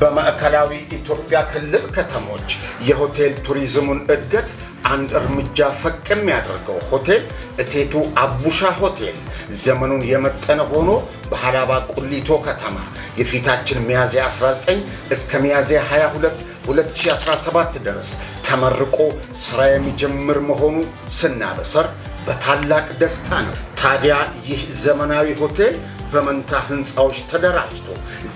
በማዕከላዊ ኢትዮጵያ ክልል ከተሞች የሆቴል ቱሪዝሙን እድገት አንድ እርምጃ ፈቅ የሚያደርገው ሆቴል እቴቱ አቡሻ ሆቴል ዘመኑን የመጠነ ሆኖ በሀላባ ቁሊቶ ከተማ የፊታችን ሚያዝያ 19 እስከ ሚያዝያ 22 2017 ድረስ ተመርቆ ሥራ የሚጀምር መሆኑ ስናበሰር በታላቅ ደስታ ነው። ታዲያ ይህ ዘመናዊ ሆቴል በመንታ ህንፃዎች ተደራጅቶ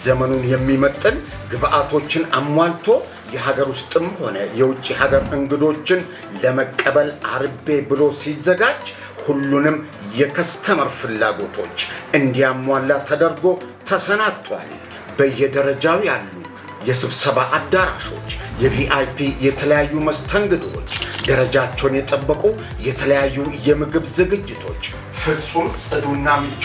ዘመኑን የሚመጥን ግብአቶችን አሟልቶ የሀገር ውስጥም ሆነ የውጭ ሀገር እንግዶችን ለመቀበል አርቤ ብሎ ሲዘጋጅ ሁሉንም የከስተመር ፍላጎቶች እንዲያሟላ ተደርጎ ተሰናድቷል። በየደረጃው ያሉ የስብሰባ አዳራሾች፣ የቪአይፒ የተለያዩ መስተንግዶዎች ደረጃቸውን የጠበቁ የተለያዩ የምግብ ዝግጅቶች፣ ፍጹም ጽዱና ምቹ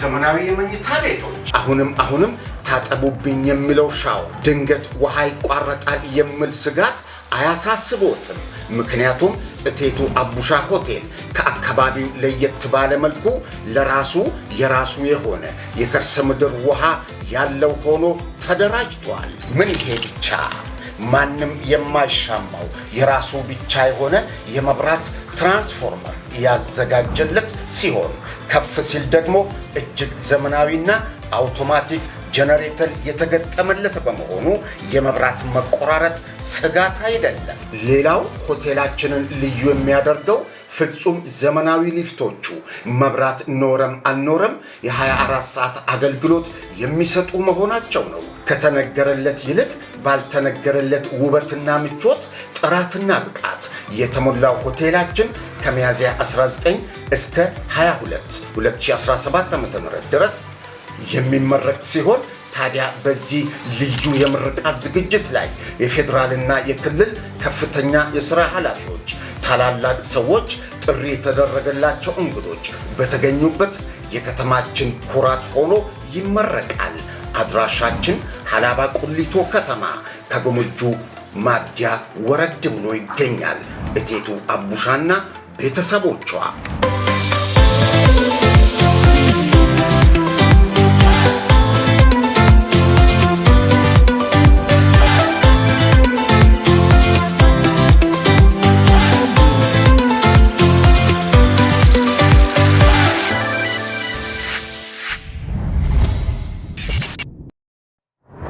ዘመናዊ የመኝታ ቤቶች፣ አሁንም አሁንም ታጠቡብኝ የሚለው ሻወር፣ ድንገት ውሃ ይቋረጣል የሚል ስጋት አያሳስቦትም። ምክንያቱም እቴቱ አቡሻ ሆቴል ከአካባቢው ለየት ባለ መልኩ ለራሱ የራሱ የሆነ የከርሰ ምድር ውሃ ያለው ሆኖ ተደራጅቷል። ምን ይሄ ብቻ ማንም የማይሻማው የራሱ ብቻ የሆነ የመብራት ትራንስፎርመር ያዘጋጀለት ሲሆን ከፍ ሲል ደግሞ እጅግ ዘመናዊና አውቶማቲክ ጀነሬተር የተገጠመለት በመሆኑ የመብራት መቆራረጥ ስጋት አይደለም። ሌላው ሆቴላችንን ልዩ የሚያደርገው ፍጹም ዘመናዊ ሊፍቶቹ መብራት ኖረም አልኖረም የ24 ሰዓት አገልግሎት የሚሰጡ መሆናቸው ነው። ከተነገረለት ይልቅ ባልተነገረለት ውበትና ምቾት ጥራትና ብቃት የተሞላው ሆቴላችን ከሚያዝያ 19 እስከ 22 2017 ዓ ም ድረስ የሚመረቅ ሲሆን ታዲያ በዚህ ልዩ የምርቃት ዝግጅት ላይ የፌዴራልና የክልል ከፍተኛ የሥራ ኃላፊዎች፣ ታላላቅ ሰዎች፣ ጥሪ የተደረገላቸው እንግዶች በተገኙበት የከተማችን ኩራት ሆኖ ይመረቃል። አድራሻችን ሀላባ ቁሊቶ ከተማ ከጎሞጁ ማዲያ ወረድ ብሎ ይገኛል። እቴቱ አቡሻና ቤተሰቦቿ